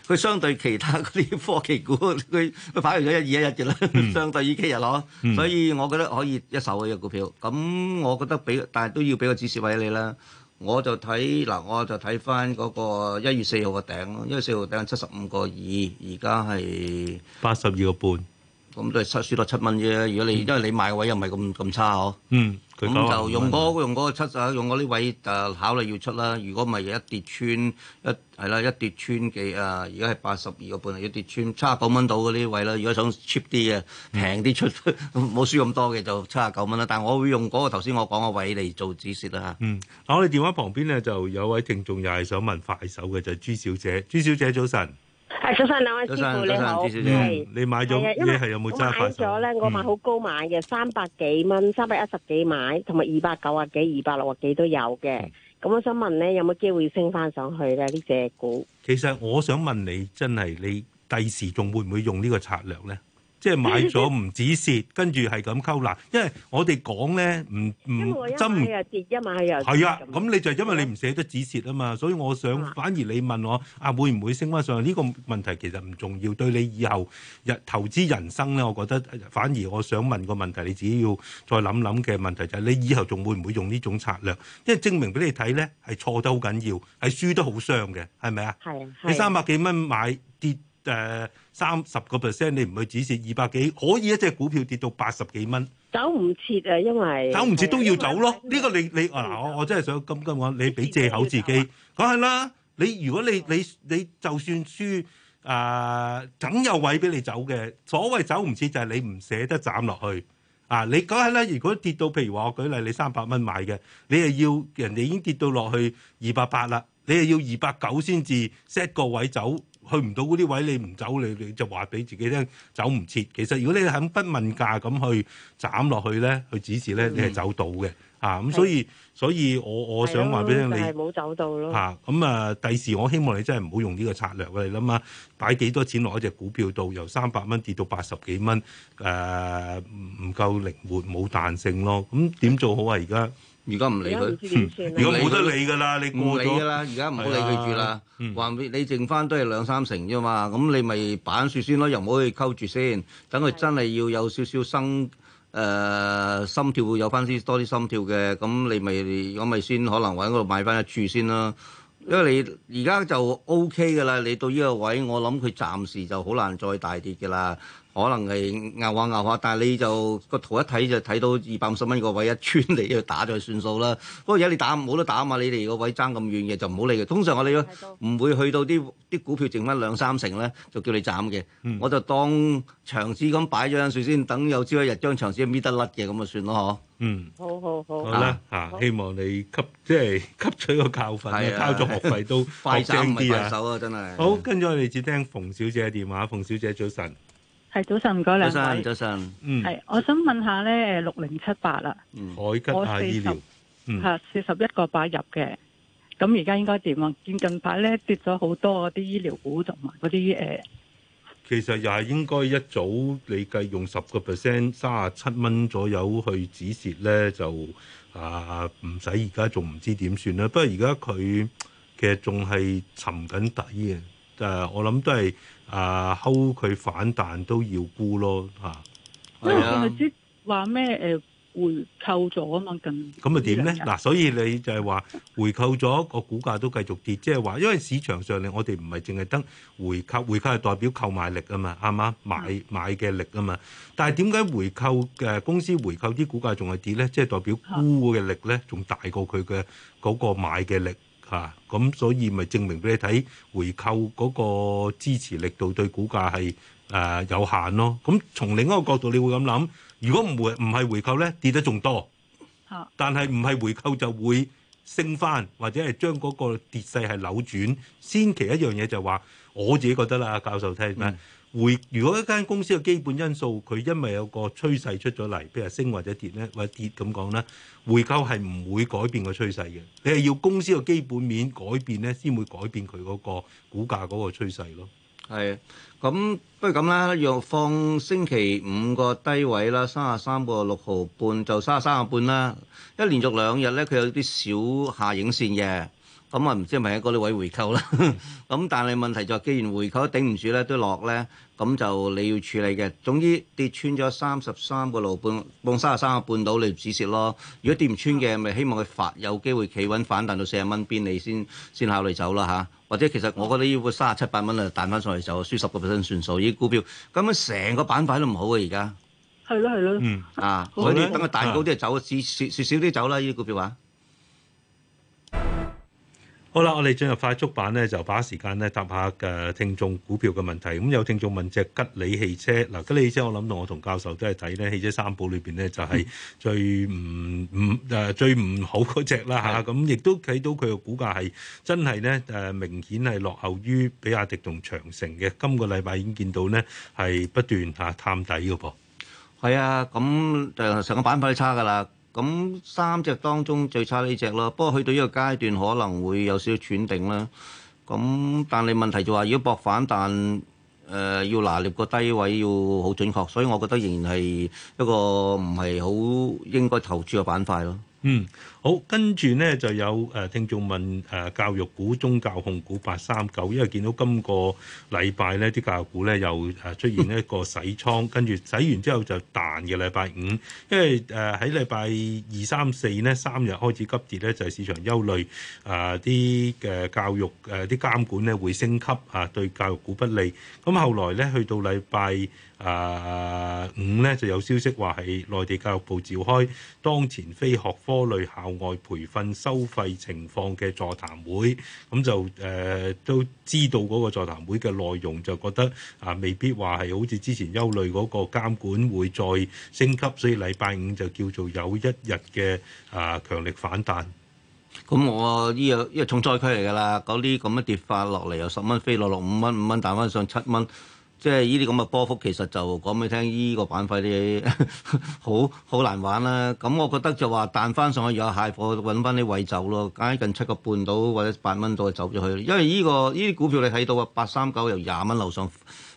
佢相對其他嗰啲科技股，佢佢反而咗一二一日嘅啦，嗯、相對呢幾日咯，嗯、所以我覺得可以一手嘅隻股票，咁我覺得俾，但係都要俾個指示位你啦，我就睇嗱，我就睇翻嗰個一月四號嘅頂咯，一月四號頂七十五個二，而家係八十二個半。咁都係輸多七蚊啫。如果你、嗯、因為你買嘅位又唔係咁咁差嗬、啊，咁、嗯、就用嗰、那個、用嗰個七個啊，用嗰啲位誒考慮要出啦。如果唔係一跌穿一係啦，一跌穿幾啊？而家係八十二個半，一跌穿七十九蚊到嗰啲位啦。如果想 cheap 啲嘅平啲出，冇、嗯、輸咁多嘅就七十九蚊啦。但係我會用嗰個頭先我講個位嚟做止蝕啦嚇。嗯，我哋電話旁邊咧就有位聽眾又係想問快手嘅就係、朱，小朱小姐，朱小姐早晨。誒，早晨，兩位師傅你好，係、嗯、你買咗啲係有冇揸法？咗咧，我買好高買嘅，三百幾蚊，三百一十幾買，同埋二百九啊幾、二百六啊幾都有嘅。咁、嗯、我想問咧，有冇機會升翻上去咧？呢隻股，其實我想問你，真係你第時仲會唔會用呢個策略咧？即係買咗唔止蝕，跟住係咁溝喇，因為我哋講咧，唔唔真唔係啊跌一買又係啊，咁你就因為你唔捨得止蝕啊嘛，所以我想反而你問我啊，會唔會升翻上去呢個問題其實唔重要，對你以後人投資人生咧，我覺得反而我想問個問題，你自己要再諗諗嘅問題就係你以後仲會唔會用呢種策略？因為證明俾你睇咧係錯得好緊要，係輸得好傷嘅，係咪啊？係係。你三百幾蚊買跌。誒三十個 percent 你唔去止蝕，二百幾，可以一隻股票跌到八十幾蚊走唔切啊！因為走唔切都要走咯。呢個你你嗱我、啊、我真係想噉噉講你俾借口自己講下啦。你如果你你你，你就算輸誒，梗、呃、有位俾你走嘅。所謂走唔切就係你唔捨得斬落去啊！你講下啦。如果跌到譬如話我舉例，你三百蚊買嘅，你係要人哋已經跌到落去二百八啦，你係要二百九先至 set 個位走。去唔到嗰啲位，你唔走，你你就話俾自己聽，走唔切。其實如果你肯不問價咁去斬落去咧，去指示咧，你係走到嘅。嗯、啊，咁所以的所以我我想話俾你聽，你係冇、就是、走到咯。啊，咁啊，第時我希望你真係唔好用呢個策略。你諗下、啊，擺幾多錢落一隻股票度，由三百蚊跌到八十幾蚊，誒唔唔夠靈活，冇彈性咯。咁、嗯、點做好啊？而家？如果唔理佢，如果冇得理噶啦，你過咗啦，而家唔好理佢住啦。話畀你、啊嗯、你剩翻都係兩三成啫嘛，咁你咪擺雪先咯，又唔可以溝住先。等佢真係要有少少心誒心跳，會有翻啲多啲心跳嘅，咁你咪我咪先可能揾個買翻一柱先咯。因為你而家就 O K 噶啦，你到呢個位，我諗佢暫時就好難再大跌噶啦。可能係拗下拗下，但係你就個圖一睇就睇到二百五十蚊個位一穿你，你去打就算數啦。不過而家你打冇得打啊嘛，你哋個位爭咁遠嘅就唔好理佢。通常我哋唔會去到啲啲股票剩翻兩三成咧，就叫你斬嘅。嗯、我就當長線咁擺咗陣時先，等有朝一日將長線搣得甩嘅咁就算咯。嗬。嗯。好好好。好好啊、好啦嚇，啊、好希望你吸即係、就是、吸取個教訓，啊、交咗學費都學。 快啲唔手啊！真係。好，跟住我哋接聽馮小姐嘅電話。馮小姐早晨。係早晨，唔該你早晨，早晨。係，我想問下咧、嗯，六零七八啦，海吉亞醫療，吓四十一個八入嘅，咁而家應該點啊？見近排咧跌咗好多啲醫療股，同埋嗰啲誒，其實又係應該一早你計用十個 percent，三十七蚊左右去止蝕咧，就啊唔使而家仲唔知點算咧。不過而家佢其實仲係沉緊底嘅，誒、啊，我諗都係。啊，hold 佢、uh, 反彈都要沽咯嚇，因為見佢話咩誒回購咗 啊嘛，近咁咪點咧？嗱，所以你就係話回購咗個股價都繼續跌，即係話因為市場上咧，我哋唔係淨係得回購，回購係代表購買力啊嘛，啱啱買買嘅力啊嘛，但係點解回購嘅公司回購啲股價仲係跌咧？即係代表沽嘅力咧，仲大過佢嘅嗰個買嘅力。嚇，咁、啊嗯、所以咪證明俾你睇回購嗰個支持力度對股價係誒、呃、有限咯。咁、嗯、從另一個角度，你會咁諗，如果唔回唔係回購咧，跌得仲多。嚇！但係唔係回購就會升翻，或者係將嗰個跌勢係扭轉。先期一樣嘢就話，我自己覺得啦，教授聽咩？嗯回如果一間公司嘅基本因素，佢因為有個趨勢出咗嚟，譬如升或者跌咧，或者跌咁講咧，回購係唔會改變個趨勢嘅。你係要公司嘅基本面改變咧，先會改變佢嗰個股價嗰個趨勢咯。係，咁不如咁啦，若放星期五個低位啦，三啊三個六毫半，就三啊三個半啦，一連續兩日咧，佢有啲小下影線嘅。咁啊，唔知係咪喺嗰啲位回購啦？咁、嗯嗯、但係問題就係，既然回購都頂唔住咧，都落咧，咁就你要處理嘅。總之跌穿咗三十三個六半，望三十三個半到你唔止蝕咯。如果跌唔穿嘅，咪希望佢發有機會企穩反彈到四十蚊邊，你先先考慮走啦嚇、啊。或者其實我覺得要股三十七八蚊啊彈翻上嚟走，輸十個 percent 算數。呢啲股票咁樣成個板塊都唔好啊而家。係咯係咯。嗯、啊，啲等佢大高啲就走，少少少啲走啦。呢啲股票話。好啦，我哋進入快速版咧，就把時間咧答下嘅聽眾股票嘅問題。咁有聽眾問隻吉利汽車，嗱，吉利汽車，我諗到我同教授都係睇咧汽車三寶裏邊咧，就係、 嗯、最唔唔誒最唔好嗰隻啦嚇。咁亦都睇到佢嘅股價係真係咧誒明顯係落後於比亞迪同長城嘅。今個禮拜已經見到咧，係不斷嚇探底嘅噃。係啊，咁誒成個板塊差噶啦。咁三隻當中最差呢隻咯，不過去到呢個階段可能會有少少喘定啦。咁但係問題就話，如果搏反彈，誒、呃、要拿捏個低位要好準確，所以我覺得仍然係一個唔係好應該投注嘅板塊咯。嗯。好，跟住呢就有誒聽眾問誒教育股中教控股八三九，因為見到今個禮拜呢啲教育股呢又誒出現一個洗倉，跟住 洗完之後就彈嘅禮拜五，因為誒喺禮拜二三四呢三日開始急跌呢，就係、是、市場憂慮啊啲嘅教育誒啲、啊、監管呢會升級啊對教育股不利。咁、啊、後來呢，去到禮拜誒五呢就有消息話係內地教育部召開當前非學科類校。外培訓收費情況嘅座談會，咁、嗯、就誒、呃、都知道嗰個座談會嘅內容，就覺得啊未必話係好似之前憂慮嗰個監管會再升級，所以禮拜五就叫做有一日嘅啊強力反彈。咁我呢個因為重災區嚟㗎啦，嗰啲咁樣跌法落嚟，由十蚊飛落落五蚊，五蚊彈翻上七蚊。即係呢啲咁嘅波幅，其實就講俾你聽，呢、這個板塊啲 好好難玩啦、啊。咁我覺得就話彈翻上去有蟹貨，揾翻啲位走咯。近七個半到或者八蚊到就走咗去，因為呢、這個呢啲股票你睇到，到、嗯、啊，八三九由廿蚊樓上，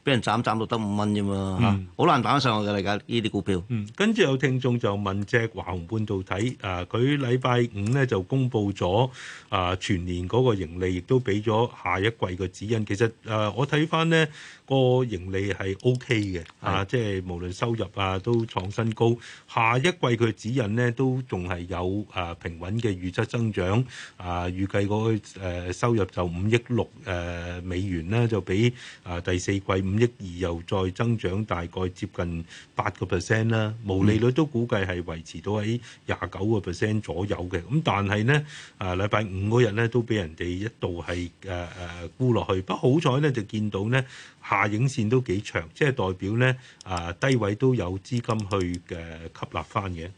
俾人斬斬到得五蚊啫嘛，好難彈得上去嘅，你而家呢啲股票。跟住、嗯、有聽眾就問隻華虹半導體啊，佢禮拜五咧就公布咗啊全年嗰個盈利，亦都俾咗下一季嘅指引。其實啊，我睇翻呢。波盈利係 O K 嘅，的啊，即係無論收入啊都創新高。下一季佢指引咧都仲係有啊平穩嘅預測增長，啊預計嗰、那、誒、個啊、收入就五億六誒、啊、美元咧，就比啊第四季五億二又再增長大概接近八個 percent 啦。毛利率都估計係維持到喺廿九個 percent 左右嘅。咁但係咧啊禮拜五嗰日咧都俾人哋一度係誒誒沽落去，不過好彩咧就見到咧。下影線都幾長，即係代表咧，啊、呃、低位都有資金去嘅、呃、吸納翻嘅。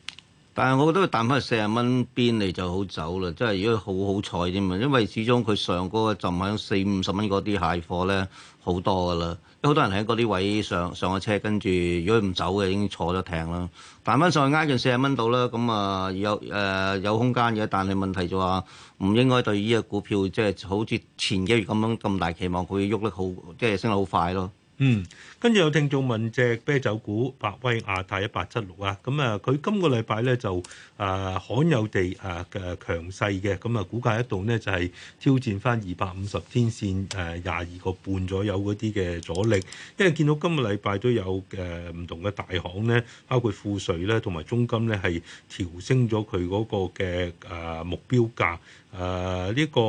但係我覺得彈翻去四十蚊邊嚟就好走啦，即係如果好好彩啫嘛。因為始終佢上嗰個浸喺四五十蚊嗰啲蟹貨咧，好多噶啦。有好多人喺嗰啲位上上咗車，跟住如果唔走嘅已經坐咗艇啦。彈翻上去挨住四十蚊度啦，咁啊有誒、呃、有空間嘅，但係問題就話、是。唔應該對呢個股票，即係好似前幾月咁樣咁大期望，佢喐得好，即係升得好快咯。嗯。跟住有聽眾問隻啤酒股百威亞太一八七六啊，咁啊，佢今個禮拜咧就啊罕有地啊嘅強勢嘅，咁啊，股價一度呢，就係、是、挑戰翻二百五十天線誒廿、啊、二,二個半左右嗰啲嘅阻力，因為見到今個禮拜都有誒唔、啊、同嘅大行咧，包括富瑞咧同埋中金咧係調升咗佢嗰個嘅啊目標價啊呢、這個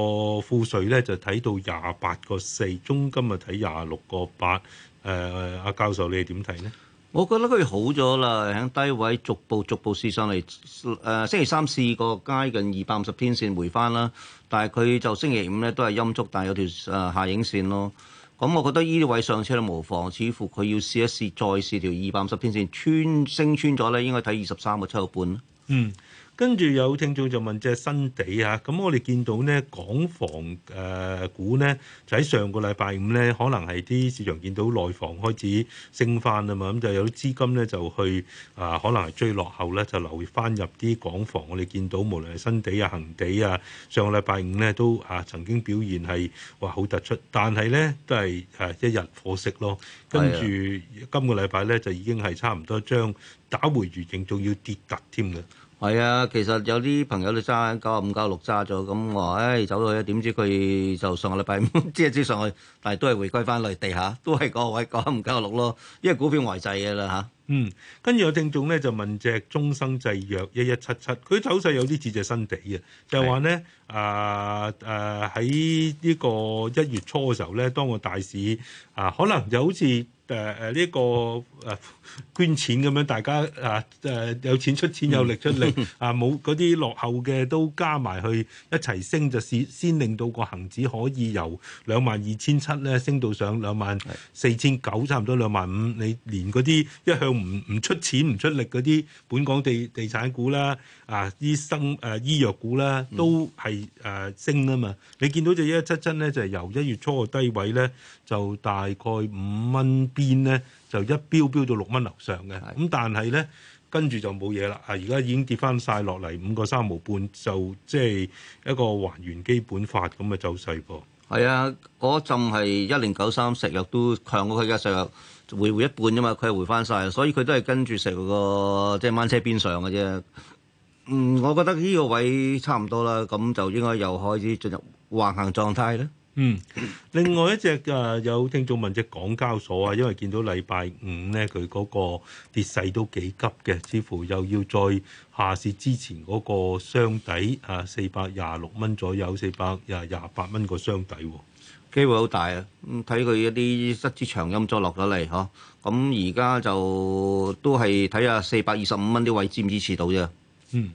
富瑞咧就睇到廿八個四，中金啊睇廿六個八。誒阿、呃、教授，你點睇呢？我覺得佢好咗啦，喺低位逐步逐步試上嚟。誒、呃、星期三試過接近二百五十天線回翻啦，但係佢就星期五咧都係陰燭，但係有條誒、呃、下影線咯。咁我覺得呢啲位上車都無妨，似乎佢要試一試，再試條二百五十天線穿升穿咗咧，應該睇二十三個七毫半。嗯。跟住有聽眾就問隻新地啊，咁我哋見到呢港房誒、呃、股呢，就喺上個禮拜五呢，可能係啲市場見到內房開始升翻啊嘛，咁就有啲資金呢，就去啊、呃，可能係追落後呢，就流翻入啲港房。我哋見到無論係新地啊、恒地啊，上個禮拜五呢都啊曾經表現係話好突出，但係呢都係誒一日貨色咯。跟住今個禮拜呢，就已經係差唔多將打回原形，仲要跌突添嘅。係啊，其實有啲朋友都揸九十五、九六揸咗，咁話誒走咗去，點知佢就上個禮拜五，即係追上去，但係都係回歸翻嚟地下，都係嗰位九五、九六咯，96，因為股票壞曬嘅啦。嗯，跟住有聽眾咧就問隻中生製藥一一七七，佢走勢有啲似隻新地嘅，就係話咧誒誒喺呢是的、啊啊、個一月初嘅時候咧，當個大市啊，可能就好似誒誒呢個誒、啊、捐錢咁樣大家啊誒、啊、有錢出錢有力出力是的 啊，冇啲落後嘅都加埋去一齊升，就先先令到個恒指可以由兩萬二千七咧升到上兩萬四千九，差唔多兩萬五。你連啲一向唔唔出錢唔出力嗰啲本港地地產股啦，啊醫生誒、啊、醫藥股啦、啊，都係誒、啊、升啊嘛！你見到隻一七七咧，就係，由一月初個低位咧，就大概五蚊邊咧，就一飆飆到六蚊樓上嘅。咁但係咧，跟住就冇嘢啦。啊，而家已經跌翻晒落嚟，五個三毛半就即係一個還原基本法咁嘅走勢噃。係啊，嗰陣係一零九三石藥都強過佢嘅石藥。回回一半啫嘛，佢係回翻曬，所以佢都係跟住成個即係纜車邊上嘅啫。嗯，我覺得呢個位差唔多啦，咁就應該又開始進入橫行狀態咧。嗯，另外一隻啊，有聽眾問隻港交所啊，因為見到禮拜五咧，佢嗰個跌勢都幾急嘅，似乎又要再下市之前嗰個箱底啊，四百廿六蚊左右，四百廿廿八蚊個箱底喎。機會好大啊！睇佢一啲失之長音再落咗嚟，嗬、啊。咁而家就都係睇下四百二十五蚊啲位支唔支持到啫。嗯。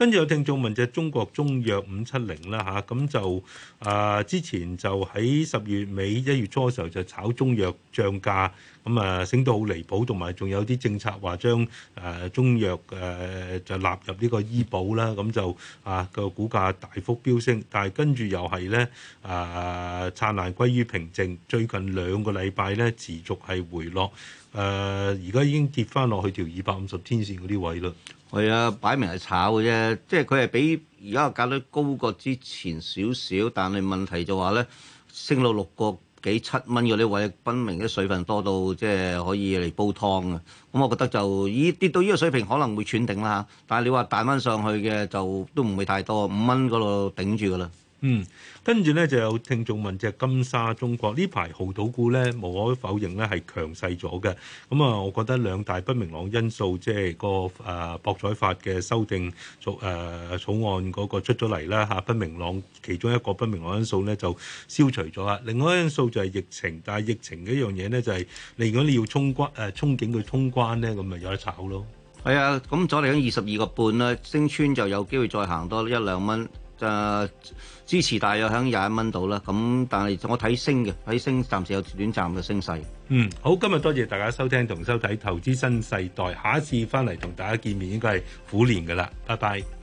跟住有聽眾問就中國中藥五七零啦嚇，咁就啊之前就喺十月尾一月初嘅時候就炒中藥漲價，咁啊升到好離譜，同埋仲有啲政策話將誒中藥誒、啊、就納入呢個醫保啦，咁就啊個、啊、股價大幅飆升，但係跟住又係咧啊燦爛歸於平靜，最近兩個禮拜咧持續係回落，誒而家已經跌翻落去條二百五十天線嗰啲位啦。係啊，擺明係炒嘅啫，即係佢係比而家嘅價率高過之前少少，但係問題就話咧，升到六個幾七蚊嗰啲位，分明啲水分多到即係可以嚟煲湯啊！咁、嗯、我覺得就依跌到呢個水平可能會喘定啦嚇，但係你話彈翻上去嘅就都唔會太多，五蚊嗰度頂住㗎啦。 嗯，跟住咧就有聽眾問：隻金沙中國呢排豪賭股咧，無可否認咧係強勢咗嘅。咁、嗯、啊，我覺得兩大不明朗因素，即係、那個誒、啊、博彩法嘅修訂草誒、啊、草案嗰個出咗嚟啦嚇，不明朗。其中一個不明朗因素咧就消除咗啦。另外一個因素就係疫情，但係疫情嘅一樣嘢咧就係、是，你如果你要衝關誒憧憬去通關咧，咁咪有得炒咯。係啊，咁走嚟緊二十二個半啦，升穿就有機會再行多一兩蚊。兩嗯支持大約喺廿一蚊度啦，咁但係我睇升嘅，睇升暫時有短暫嘅升勢。嗯，好，今日多謝大家收聽同收睇《投資新世代》，下一次翻嚟同大家見面應該係虎年㗎啦，拜拜。